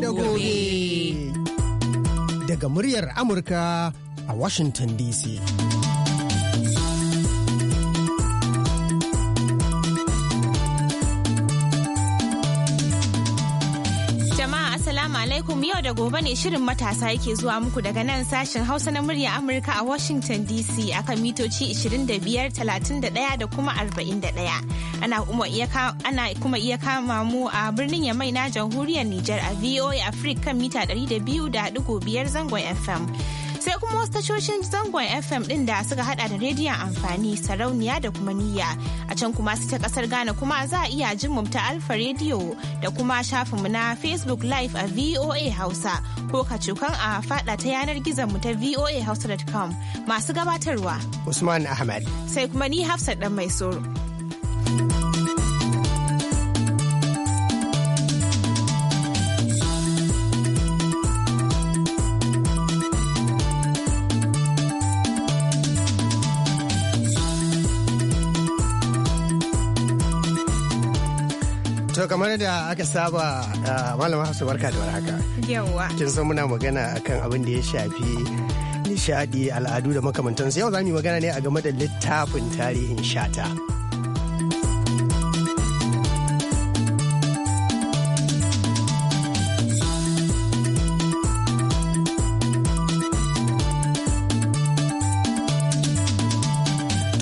da gobe. Daga muryar Amurka a Washington DC. alaikum yau da gobe ne shirin matasa yake zuwa muku daga nan sashen hausa na murya amurka a washington dc akan mitoci 25 31 da kuma 41 ana kuma iya kama mu a birnin Yamai na jamhuriyar Nijar a VOA Africa kan mita 200.5 zangon FM. sai kuma wasu tashoshin zangon fm din da suka hada da rediyon amfani sarauniya da kuma niyya a can kuma su ta kasar ghana kuma za a iya jin mu ta alfa rediyo da kuma shafin mu na facebook live a voa hausa ko ka cokan a fada ta yanar gizon mu ta voa hausa.com masu gabatarwa usman ahmad sai kuma ni hafsat dan mai soro kamar da aka saba eh, malama Hafsa barka da warhaka. Yawwa. Kin san muna magana akan abin da ya shafi nishadi al'adu da makamantansu yau za mu yi magana ne a game da littafin tarihin shata.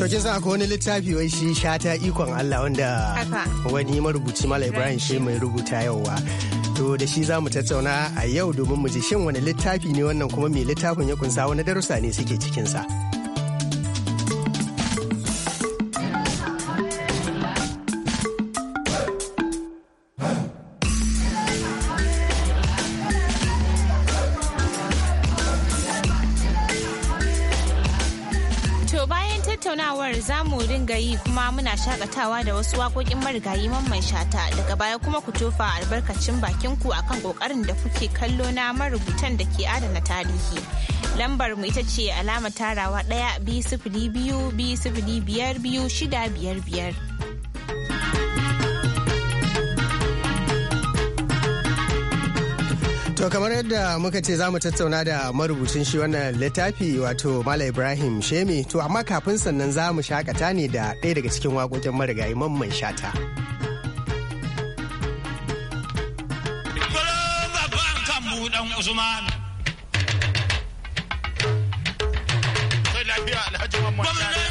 To kin san wani littafi wai shi shata ikon Allah wanda wani marubuci Malam Ibrahim shi mai rubuta yauwa. To da shi za mu tattauna a yau domin mu ji shin wani littafi ne wannan kuma mai littafin ya kunsa wani darussa ne suke cikinsa. kuma muna shakatawa da wasu waƙoƙin marigayi mamman shata daga baya kuma ku tofa albarkacin bakin ku akan ƙoƙarin da kuke kallo na marubutan da ke adana tarihi. Lambar mu ita ce alama tarawa ɗaya 2 sifili biyu 2 sifili biyar biyu shida biyar To kamar yadda muka ce za mu tattauna da marubucin shi wannan littafi wato Mala Ibrahim Shemi to amma kafin sannan za mu shakata ne da ɗaya daga cikin waƙoƙin marigayi Mamman Shata. Usman. Shata.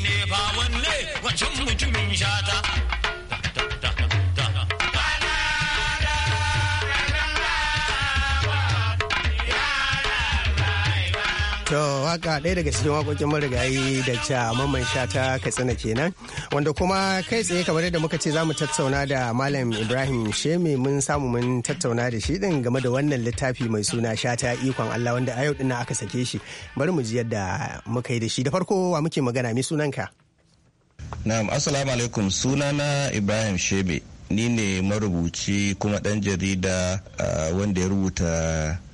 ne fa wanne wancan mutumin shata haka ɗaya daga cikin wakokin marigayi da ca mamman sha ta katsina kenan wanda kuma kai tsaye kamar yadda muka ce za mu tattauna da malam ibrahim sheme mun samu mun tattauna da shi din game da wannan littafi mai suna sha ta ikon allah wanda a yau din aka sake shi bari mu ji yadda muka yi da shi da farko wa muke magana mai sunanka na'am assalamu alaikum sunana ibrahim shebe ni ne marubuci kuma dan jarida ah, wanda ya rubuta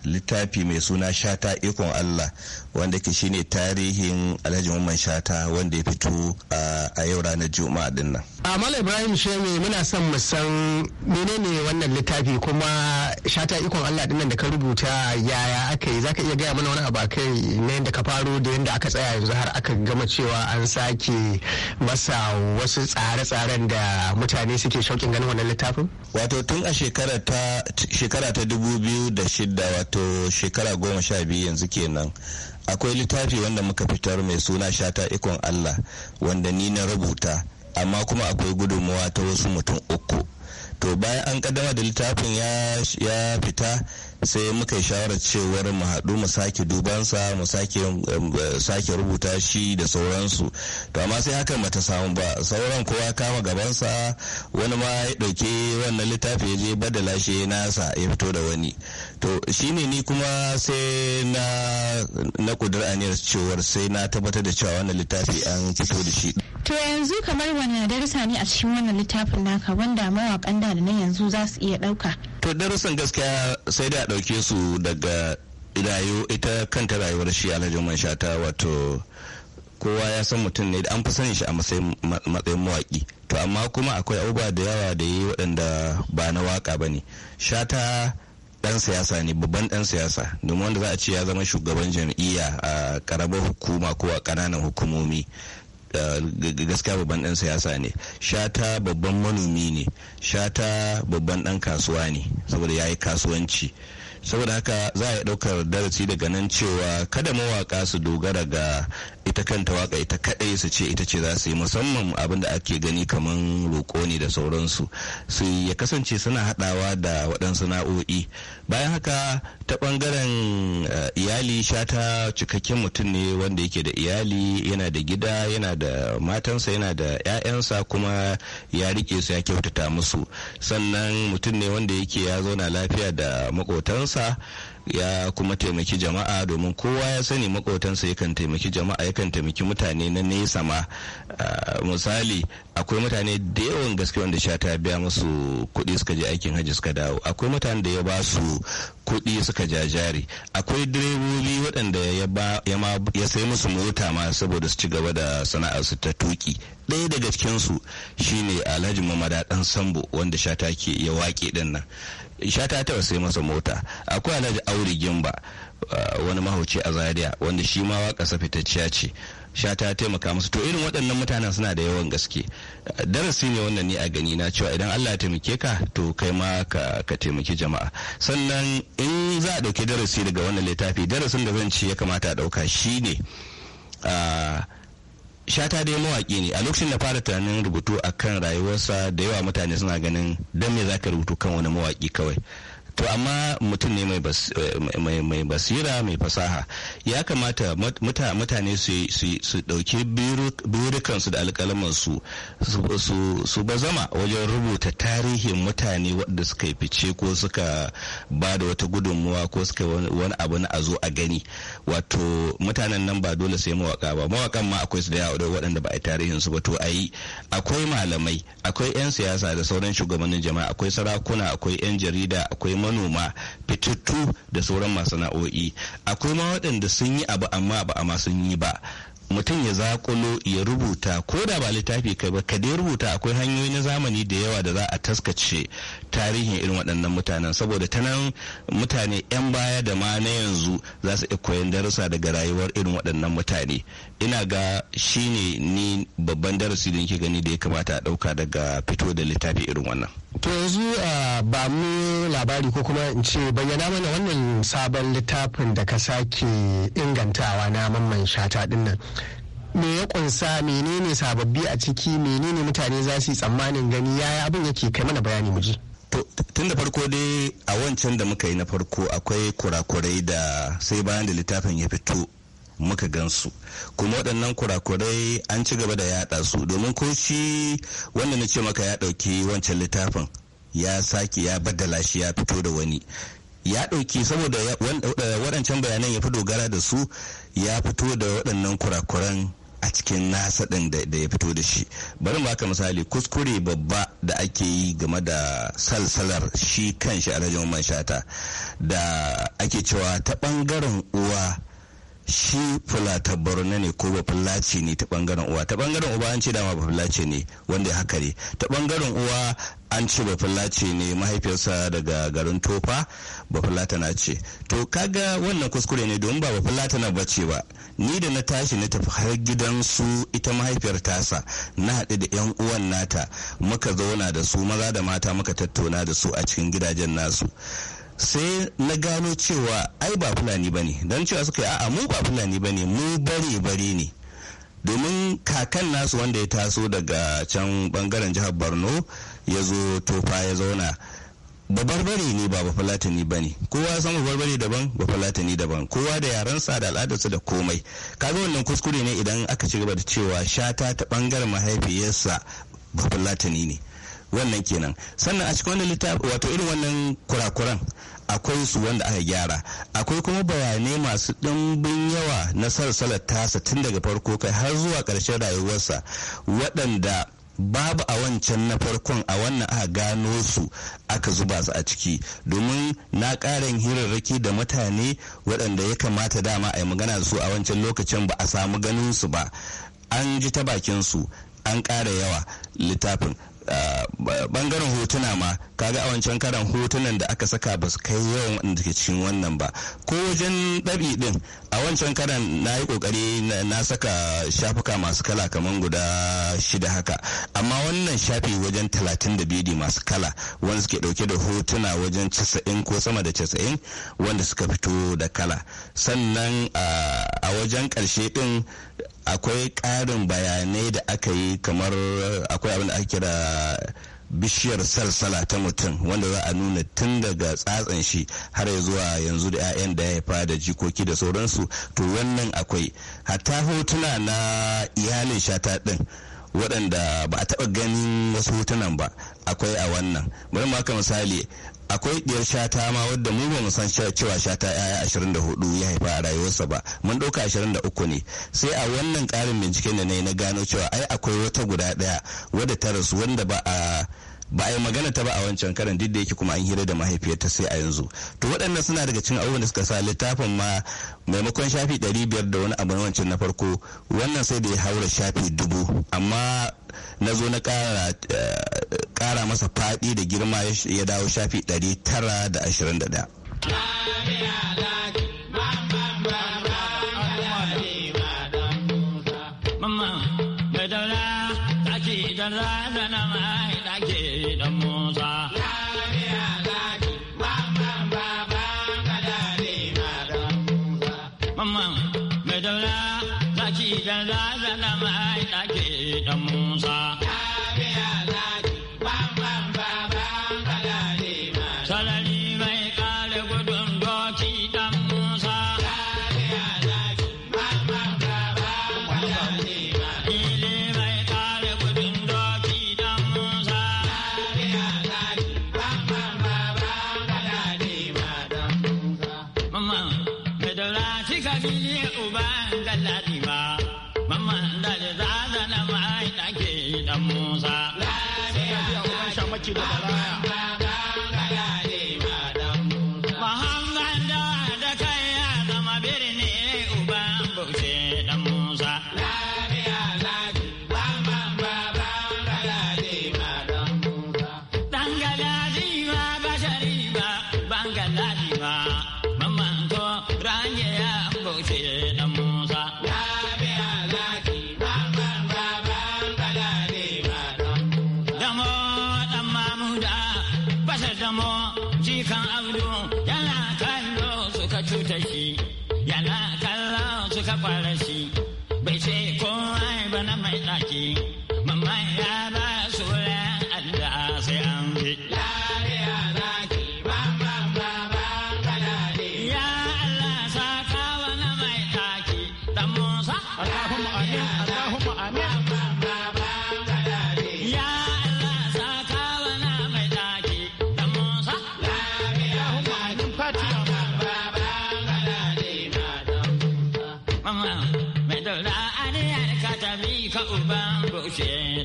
littafi mai suna shata ikon allah wanda ke shine tarihin alhaji umar shata wanda ya fito a yau ranar juma'a din nan amal ibrahim shemi muna son mu san menene wannan littafi kuma shata ikon allah din nan da ka rubuta yaya aka yi zaka iya gaya mana wani abu kai na yadda ka faro da yadda aka tsaya yanzu har aka gama cewa an sake masa wasu tsare-tsaren da mutane suke shauƙin ganin wannan littafin wato tun a shekara ta dubu biyu da shida wato shekara goma sha biyu yanzu kenan akwai littafi wanda muka fitar mai suna shata ikon allah wanda ni na rubuta amma kuma akwai gudunmawa ta wasu mutum uku to bayan an kaddama da littafin ya fita sai muka yi shawarar cewar mu haɗu mu sake dubansa mu um, um, sake rubuta shi da sauransu to amma sai hakan bata samu ba sauran kowa kama gabansa wani ma ya ɗauki wannan littafi ya je badala shi nasa ya fito da wani to shine ni kuma sai na na kudur aniyar cewar sai na tabbatar da cewa wannan littafi an fito da shi to yanzu kamar wani darasa ne a cikin wannan littafin naka wanda mawakan da na yanzu za su iya ɗauka to darussan gaskiya sai da a ɗauke su daga rayu ita kanta rayuwar shi alhaji man shata wato kowa ya san mutum ne da an fi sanin shi a matsayin mawaƙi to amma kuma akwai abubuwa da yawa da yi waɗanda ba na waka ba ne shata ɗan siyasa ne babban ɗan siyasa domin wanda za a ce ya zama shugaban jam'iyya a karamar hukuma ko a ƙananan hukumomi gaskiya babban dan siyasa ne shata babban manomi ne shata babban dan kasuwa ne saboda ya yi kasuwanci saboda haka za a ɗaukar darasi daga nan cewa kada mawaka su dogara ga ita kanta waka ita kadai su ce ita ce za su yi musamman abin da ake gani kamar roƙo ne da sauransu su ya kasance suna hadawa da waɗansu na'o'i bayan haka ta ɓangaren eh, iyali shata cikakken mutum ne wanda yake da iyali yana da gida yana da matansa yana da 'ya'yansa kuma ya rike su ya kyautata musu sannan mutum ne wanda yake ya zauna lafiya da maƙotansa ya kuma taimaki jama'a domin kowa ya sani makotansa yakan taimaki jama'a yakan taimaki mutane na nesa ma ah, misali akwai mutane da yawan gaske wanda sha ta biya musu kuɗi suka je aikin hajji suka dawo akwai mutane da ya ba su kuɗi suka ja jari akwai direbobi waɗanda ya sai musu mota ma saboda su ci gaba da sana'ar su ta tuki ɗaya daga cikinsu shine alhaji mamada ɗan sambo wanda sha ta ke ya wake ɗin nan shata ta sai masa mota akwai alhaji auri gimba uh, wani mahauci a zaria wanda shi ma waka fitacciya ce shata ya taimaka musu to irin waɗannan mutanen suna da yawan gaske darasi ne wannan ni a gani na cewa idan Allah ya taimake ka to kai ma ka taimaki jama'a sannan in za a ɗauki darasi daga wannan littafi darasin da zan ce ya kamata a ɗauka shi ne uh, shata dai mawaƙi ne a lokacin da fara tunanin rubutu a kan rayuwarsa da yawa mutane suna ganin don me za ka rubutu kan wani mawaƙi kawai to amma mutum ne mai basira mai fasaha ya kamata mutane su ɗauki birukansu da alƙalamansu su bazama wajen rubuta tarihin mutane waɗanda suka yi fice ko suka ba da wata gudunmuwa ko suka wani abu na a zo a gani wato mutanen nan ba dole sai mawaka ba mawakan ma akwai su da yawa waɗanda ba a yi tarihin su ba to ayi akwai malamai akwai 'yan siyasa da sauran shugabannin jama'a akwai sarakuna akwai 'yan jarida akwai manoma fitattu da sauran masana'o'i akwai ma waɗanda sun yi abu amma ba a ma sun yi ba mutum ya zakulo ya rubuta ko da ba littafi kai ba ka dai rubuta akwai hanyoyi na zamani da yawa da za a taskace tarihin irin waɗannan mutanen saboda ta nan mutane 'yan baya da ma na yanzu za su iya koyan darussa daga rayuwar irin waɗannan mutane ina ga shine ni babban darasi da nake gani da ya kamata a ɗauka daga fito da littafi irin wannan to yanzu ba mu labari ko kuma in ce bayyana mana wannan sabon littafin da ka sake ingantawa na mamman shata dinnan me ya kunsa menene sababbi a ciki menene mutane za su yi tsammanin gani yaya abin yake kai mana bayani mu tun da farko dai a wancan da muka yi na farko akwai kurakurai da sai bayan da littafin ya fito muka gansu kuma waɗannan kurakurai an ci gaba da yaɗa su domin ko shi wanda na ce maka ya ɗauki wancan littafin ya sake ya baddala shi ya fito da wani ya ɗauki saboda waɗancan bayanan ya fi dogara da su ya fito da waɗannan kurakuran a cikin nasa ɗin da ya fito da shi bari mu haka misali kuskure babba da ake yi game da salsalar shi kan shi alhaji man shata da ake cewa ta ɓangaren uwa shi fulata borno ne ko bafulaci ne ta bangaren uwa ta bangaren uba an ce dama bafulaci ne wanda ya haka ne ta bangaren uwa an ce bafulaci ne mahaifiyarsa daga garin tofa bafulata na ce to kaga wannan kuskure ne domin ba bafulata na bace ba ni da na tashi na tafi har gidan su ita mahaifiyar tasa na haɗu da yan uwan nata muka zauna da su maza da mata muka tattauna da su a cikin gidajen nasu sai na gano cewa ai ba fulani ba ne don cewa suka yi a'a mu ba fulani ba ne mu bare bare ne domin kakan nasu wanda ya taso daga can bangaren jihar borno ya zo tofa ya zauna ba barbare ne ba bafulatani ba ne kowa ya samu barbare daban bafulatani daban kowa da yarensa da al'adarsa da komai kaga wannan kuskure ne idan aka ci gaba da cewa shata ta bangaren mahaifiyarsa bafulatani ne wannan kenan sannan a cikin wannan littafi wato irin wannan kurakuran akwai su wanda aka gyara akwai kuma bayanai masu ɗimbin yawa na sarsalar tasa tun daga farko kai har zuwa ƙarshen rayuwarsa waɗanda babu a wancan na farkon a wannan aka gano su aka zuba su a ciki domin na ƙarin hirarraki da mutane waɗanda ya kamata dama a yi magana su a wancan lokacin ba a samu ganin su ba an ji ta bakin su an ƙara yawa littafin Ah, bangaren hotuna ma kaga a wancan karan hotunan da aka saka ba su kai yawan wanda ke cikin wannan ba ko wajen ɗabi ɗin a wancan karan na yi kokari na saka shafuka masu kala kamar guda shida haka amma wannan shafi wajen talatin da masu kala wanda suke ɗauke da hotuna wajen 90 ko sama da casa'in wanda suka fito da kala sannan ah, a wajen ƙarshe din akwai ƙarin bayanai da aka yi kamar akwai abin da ake kira bishiyar salsala ta mutum wanda za a nuna tun daga tsatsan shi har ya zuwa yanzu da 'ya'yan da ya haifa da jikoki da sauransu to wannan akwai hatta hotuna na iyalin shata din waɗanda ba a taɓa ganin wasu hotunan ba akwai a wannan bari haka misali akwai diyar shata ma wadda mu ba mu san cewa shata yaya hudu ya haifa a rayuwarsa ba mun dauka 23 ne sai a wannan karin binciken da na yi na gano cewa ai akwai wata guda ɗaya wadda ta rasu wanda ba a ba a yi magana ta ba a wancan karan duk da yake kuma an hira da mahaifiyarta sai a yanzu to waɗannan suna daga cikin abubuwan da suka sa littafin ma maimakon shafi ɗari biyar da wani abu na wancan na farko wannan sai da ya haura shafi dubu amma na zo na ƙara eh, masa faɗi da girma ya dawo shafi ɗari tara da ashirin da ɗaya ake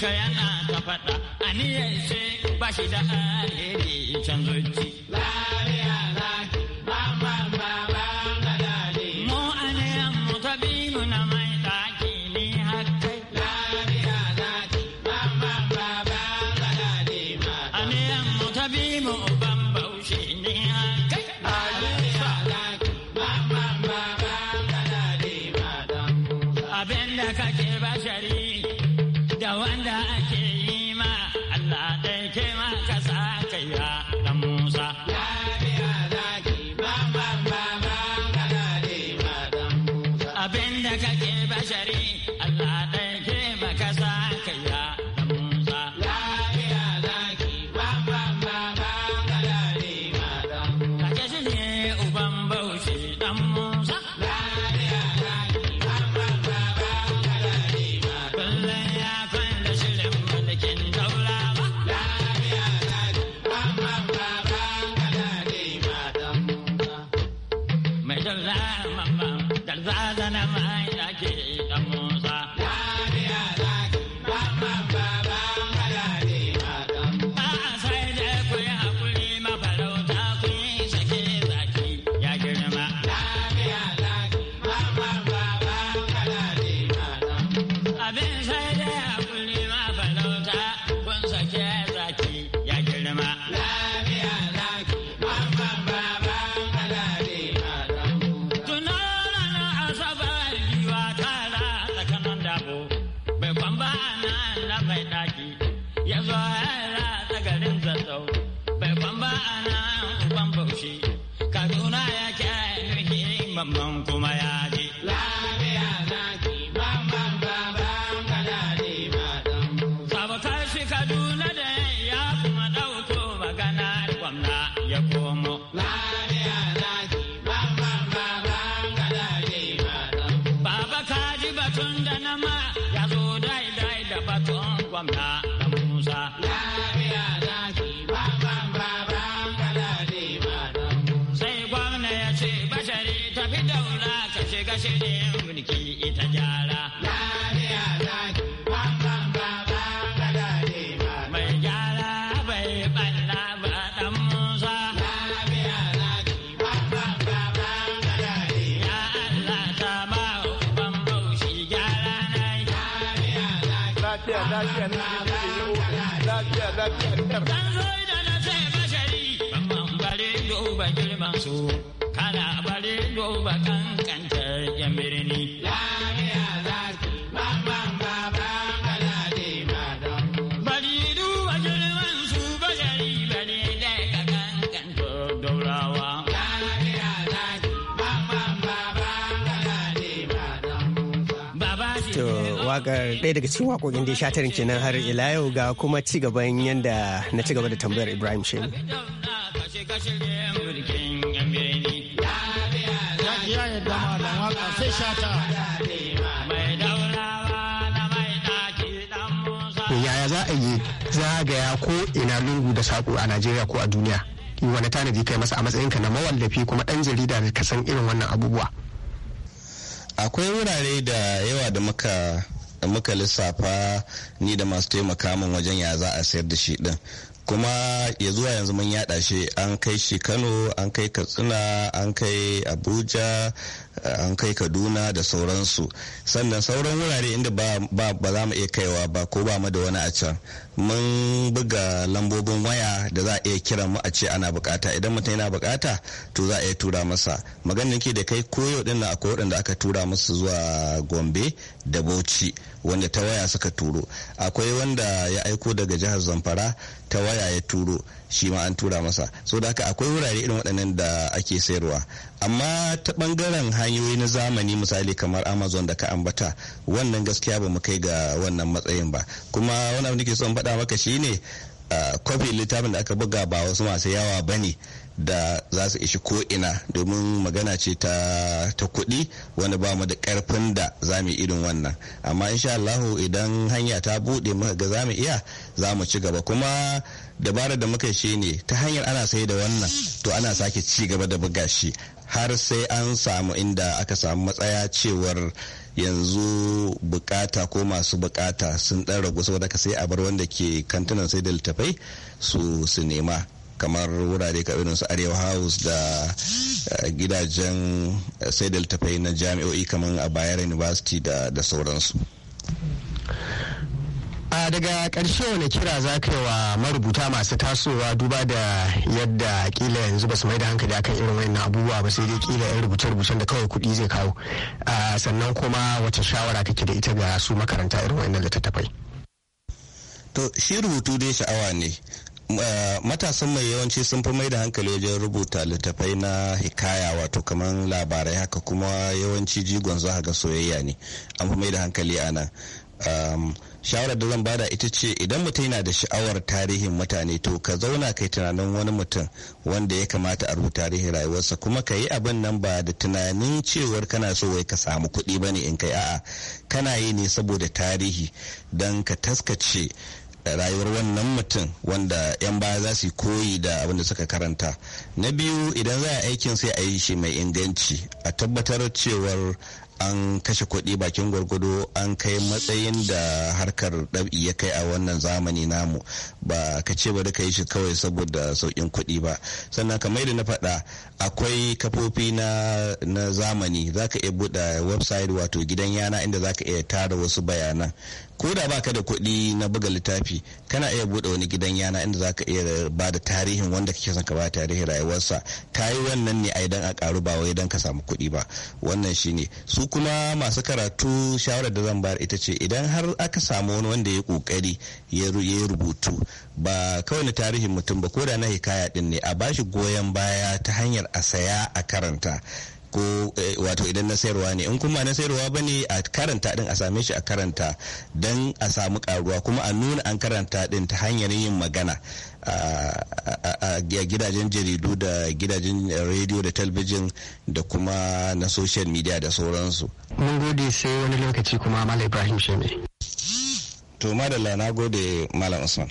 ka yana ta faɗa aniyar ce ba shi da alheri can zuci. mama, dalzada na mai ake mu lafiya na su Kana bare duba kankantar yan birni. Lafiya. waka ɗaya daga cikin wakokin da ya tarin kenan har ila yau ga kuma ci gaban yadda na ci gaba da tambayar Ibrahim Shehu. Yaya za a yi zagaya ko ina lungu da saƙo a Najeriya ko a duniya? Wani tanadi kai masa a matsayinka na mawallafi kuma ɗan jarida da ka san irin wannan abubuwa. akwai wurare da yawa da muka muka lissafa ni da masu taimaka min wajen ya za a sayar da shi din kuma ya zuwa yanzu mun yada shi an kai shi kano an kai katsina an kai abuja Eh, an kai kaduna da sauransu sannan sauran wurare inda ba za mu iya kaiwa ba ko ba mu da wani a can mun buga lambobin waya da za a iya kira mu a ce ana bukata idan mutum yana bukata to za a iya tura masa maganin ke da kai koyo din na akwai waɗanda aka tura musu zuwa gombe da bauchi wanda ta waya suka turo akwai wanda ya aiko daga jihar zamfara ta waya ya turo shi ma an tura masa so da haka akwai wurare irin waɗannan da ake sayarwa amma ta ɓangaren hanyoyi na zamani misali kamar amazon da ka ambata wannan gaskiya ba mu kai ga wannan matsayin ba kuma wani abin da ke son faɗa maka shine kofin littafin da aka buga ba wasu masu yawa ba ne da za su ishi ina domin magana ce ta, kuɗi wani ba mu da ƙarfin da za mu irin wannan amma insha Allahu idan hanya ta buɗe muka ga za mu iya za mu ci gaba kuma dabarar da muka shi ne ta hanyar ana sai da wannan to ana sake ci gaba da buga shi har sai an samu inda aka samu matsaya cewar yanzu bukata ko masu bukata sun dan ragu saboda ka sai a bar wanda ke kantunan sai da littafai su su nema kamar wurare ka su arewa house da eh, gidajen eh, sai da littafai na jami'o'i kamar a bayar university da sauransu a daga karshe wani kira za ka yi wa marubuta masu tasowa duba da yadda kila yanzu ba su mai da hankali akan irin wani abubuwa ba sai dai kila yan rubuce-rubucen da kawai kuɗi zai kawo sannan kuma wata shawara kake da ita ga su makaranta irin wayannan littattafai to shi rubutu dai sha'awa ne eh, matasan mai yawanci sun fi mai da hankali wajen rubuta littattafai na hikaya wato kamar labarai haka kuma yawanci jigon za ga soyayya ne an fi mai da hankali a shawarar da zan bada ita ce idan mutum yana da sha'awar tarihin mutane to ka zauna kai tunanin wani mutum wanda ya kamata a rubuta tarihin rayuwarsa kuma ka yi abin nan ba da tunanin cewar kana so wai ka samu kuɗi ba ne in kai a'a kana yi ne saboda tarihi don ka taskace rayuwar wannan mutum wanda 'yan baya za su koyi da abin da suka karanta na biyu idan za a aikin sai a yi shi mai inganci a tabbatar cewar an kashe kuɗi bakin gwargwado an kai matsayin da harkar ɗabi ya kai a wannan zamani namu ba ka ce ba duka yi shi kawai saboda sauƙin kuɗi ba sannan kamar da na faɗa akwai kafofi na, na zamani za ka iya buɗe website wato gidan yana inda za ka iya tara wasu bayanan ko da baka da kuɗi na buga littafi kana iya buɗe wani gidan yana inda zaka iya ba da tarihin wanda kake son ka ba tarihin rayuwarsa ka yi wannan ne a idan a karu ba wai idan ka samu kuɗi ba wannan shine su kuma masu karatu shawarar da zan bayar ita ce idan har aka samu wani wanda ya kokari ya rubutu ba kawai na tarihin mutum ba ko da na hikaya din ne a bashi goyon baya ta hanyar a saya a karanta ko eh, wato idan na sayarwa ne in kuma na sayarwa ba ne a karanta din a same shi a karanta don a samu karuwa kuma a nuna an karanta din ta hanyar yin magana a gidajen jaridu da gidajen rediyo da talbijin da kuma na social media da sauransu. mun gode sai wani lokaci kuma malam ibrahim shemi to madalla na gode malam usman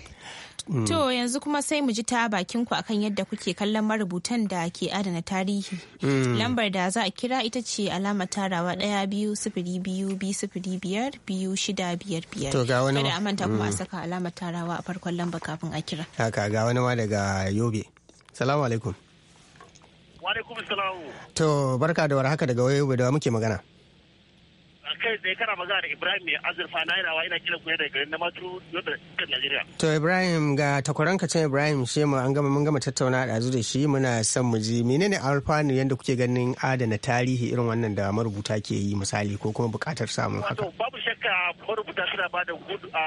Mm. To yanzu kuma sai mu ji ta bakin ku akan yadda kuke kallon marubutan da ke adana tarihi. Mm. Lambar da za a kira ita ce alama tarawa ɗaya biyu sifiri biyu biyu sifiri biyar biyu shida biyar biyar. To ga wani ma. manta kuma a mm. saka alama tarawa a farkon lamba kafin a kira. Haka ga wani ma daga Yobe. Salamu alaikum. Wa alaikum salam. To barka da warhaka daga wayo da muke magana. kai tsaye kana magana da Ibrahim mai azurfa na yana ina kiran ku daga garin Namatu yadda kan Najeriya. To Ibrahim ga takwaranka can Ibrahim Shema an gama mun gama tattauna da da shi muna son mu ji menene alfanu yadda kuke ganin adana tarihi irin wannan da marubuta ke yi misali ko kuma bukatar samun haka. Wato babu shakka marubuta suna ba da gudu a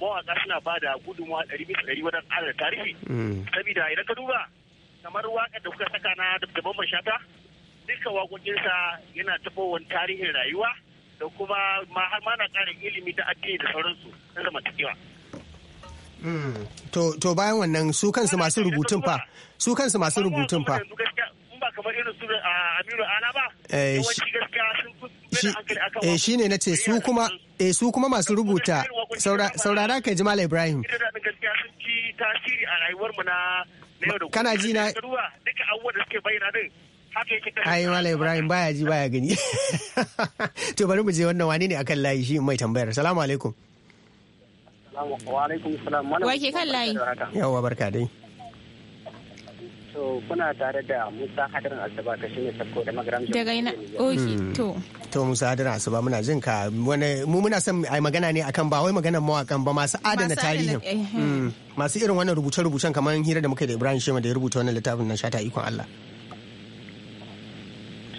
mawaka suna ba da gudunmawa ɗari bisa ɗari wajen adana tarihi. Mm. Sabida idan ka duba kamar waƙar da kuka saka na da bambam shata duka waƙoƙinsa yana taɓa tarihin rayuwa. da kuma ma har ma na ƙarin ilimi ta addini da sauransu na zamantakewa. Hmm. To, to bayan wannan su kansu masu rubutun fa su kansu masu rubutun fa. ba kamar irin su ah, Aminu Ala ba. Eh, yawanci gaskiya sun fi hankali eh, su kuma eh su kuma masu rubuta saurara kai Jamal Ibrahim. tasiri a rayuwar na yau da Kana ji na duka abubuwan da suke bayyana din ai wala ibrahim baya ji baya gani to bari mu je wannan wani ne akan layi shi mai tambayar salamu alaikum wa ke kan layi Yawwa barka dai to kuna tare da Musa Hadirin Asuba ta shine sako da magaram daga ina okay hmm. to to Musa Hadirin Asuba muna jin ka wani mu muna son ai magana ne akan ba wai maganar mawakan ba masu adana tarihin eh, eh. Hmm. masu irin wannan rubuce-rubucen kamar hira da muka da Ibrahim Shema da ya rubuta wannan littafin na shata ikon Allah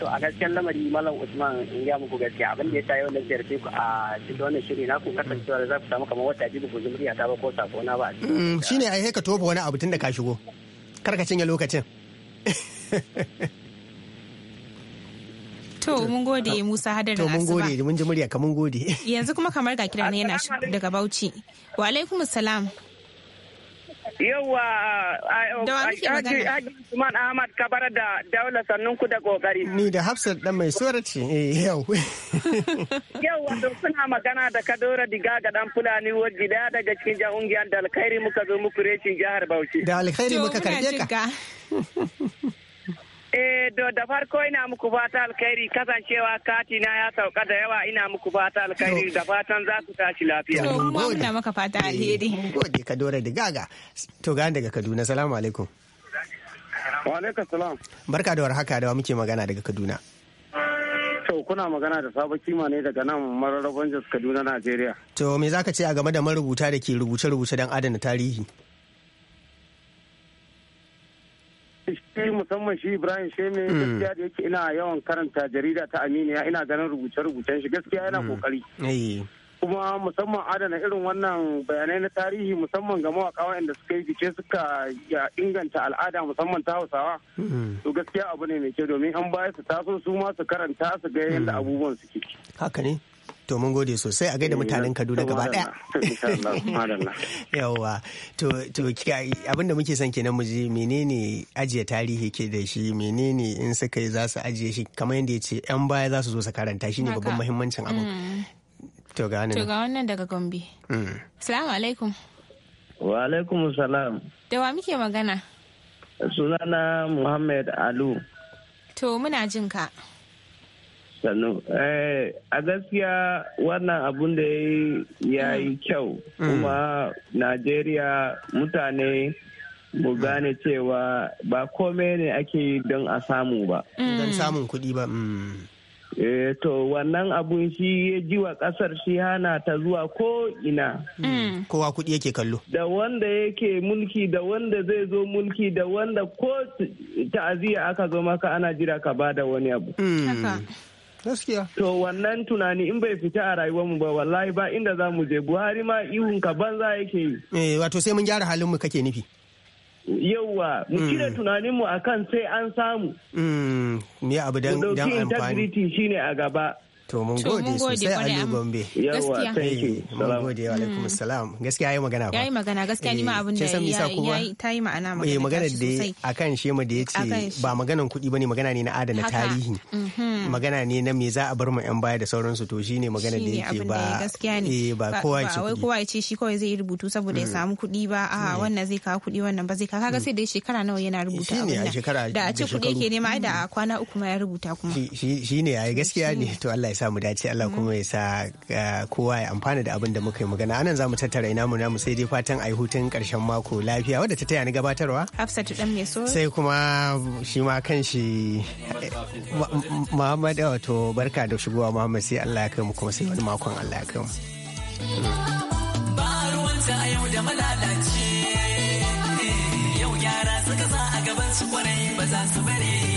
to a gaskiyar lamari malam usman in ya muku gaskiya abin da ya sa yau na ziyarce ku a cikin wannan shiri na ku da za ku samu kamar wata jibi ku zumriya ta ba ko sako na ba mm, shine ai ka tobe wani abu tun da ka shigo kar ka cinye lokacin To mun gode ah, Musa Hadar da To mun gode mun ji murya ka mun gode. Yanzu kuma kamar ga kiran yana daga Bauchi. Wa alaikumus salam. a Haji Usman Ahmad Kabar da daula sannun ku da kokari. Ni da Hafsat dan mai suwar ce eh, yau. yau wato suna magana da Kadora Diga ga dan Fulani waje daya daga cikin jahungiyar da alkhairi muka zo muku reshin jihar Bauchi. Da alkhairi muka karbe ka. Eh, da farko ina muku fata alkhairi kasancewa kati na ya sauka da yawa ina muku fata alkhairi da fatan za su tashi lafiya. To, muna maka fata alheri. Eh, gode ka dora da gaga. To, ga daga Kaduna, salamu alaikum. Wa alaikum salam. Barka da warhaka da muke magana daga Kaduna. To, kuna magana da sabon kima ne daga nan mararrabon Jos Kaduna, Najeriya. To, me zaka ce a game da marubuta da ke rubuce-rubuce don adana tarihi? shi musamman shi ibrahim ne mm. gaskiya da yake ina yawan karanta jarida ta aminiya ina ganin rubuce-rubucen shi gaskiya yana mm. kokari kuma musamman adana irin wannan bayanai na tarihi musamman ga mawaka waɗanda suka yi fice suka inganta al'ada musamman ta hausawa mm. to gaskiya abu ne mai kyau domin an baya su taso su ma su karanta su ga yadda abubuwan suke haka ne To mun gode sosai a gaida eh, mutanen Kaduna gaba daya. Yawwa. To to abin da muke son kenan mu ji menene ajiye tarihi ke da shi menene in suka yi za su ajiye shi kamar yadda ya ce yan baya za su zo su karanta ne babban muhimmancin abin. Mm. To ga wannan daga Gombe. Mm. Salamu alaikum. Wa alaikum salam. Da wa muke magana? Sunana Muhammad Alu. To muna jin ka. sannu eh, a gaskiya wannan abun da ya yi mm. kyau mm. kuma najeriya mutane mu mm. gane cewa ba kome ne ake yi don a samu ba don samun kuɗi ba eh, to wannan abun shi ya ji wa ƙasar shi hana ta zuwa ko ina kowa kuɗi yake kallo da wanda yake mulki da wanda zai zo mulki da wanda ko ta'aziyya aka zo maka ana jira ka ba da wani abu Gaskiya. To wannan tunani in bai fita a rayuwar mu ba wallahi ba inda za mu je Buhari ma ihun ka banza yake yi. Eh wato sai mun gyara halin mu kake nufi. Yauwa mu kira hmm. tunanin mu akan sai an samu. Hmm, me abu dan amfani. integrity shine a gaba. To mun gode sosai Ali Gombe. Yawwa, thank you. Mun gode wa alaikum mm. salam. Gaskiya yayi magana ba. Yayi magana gaskiya ni ma eh, abin da yayi ta yi ma'ana magana. Eh magana da akan shema da yace ba maganan kuɗi bane magana ne na adana tarihi. Mm-hmm. Magana ne na me za a bar mu yan baya da sauransu to shine magana da yake ba. Eh ba kowa ce. Ba kowa ya ce shi kawai zai rubutu saboda ya mm. samu kuɗi ba a mm. wannan zai kawo kuɗi wannan ba zai kawo kaga sai da shekara nawa yana eh, rubuta abin da a ce kuɗi yake nema da kwana uku ma ya rubuta kuma. Shine yi gaskiya ne to Allah ya mu dace Allah mm-hmm. kuma ya sa uh, kowa ya amfana da abin da muka yi magana anan zamu tattara ina mu namu sai dai fatan ayi hutun karshen mako lafiya wadda ta taya ni gabatarwa Hafsatu dan so sai kuma shi ma kanshi Muhammad wato barka da shigowa Muhammad sai Allah ya kai mu kuma sai wani makon Allah ya kai mu yau da yara suka za a gaban su kwarai ba za su bari.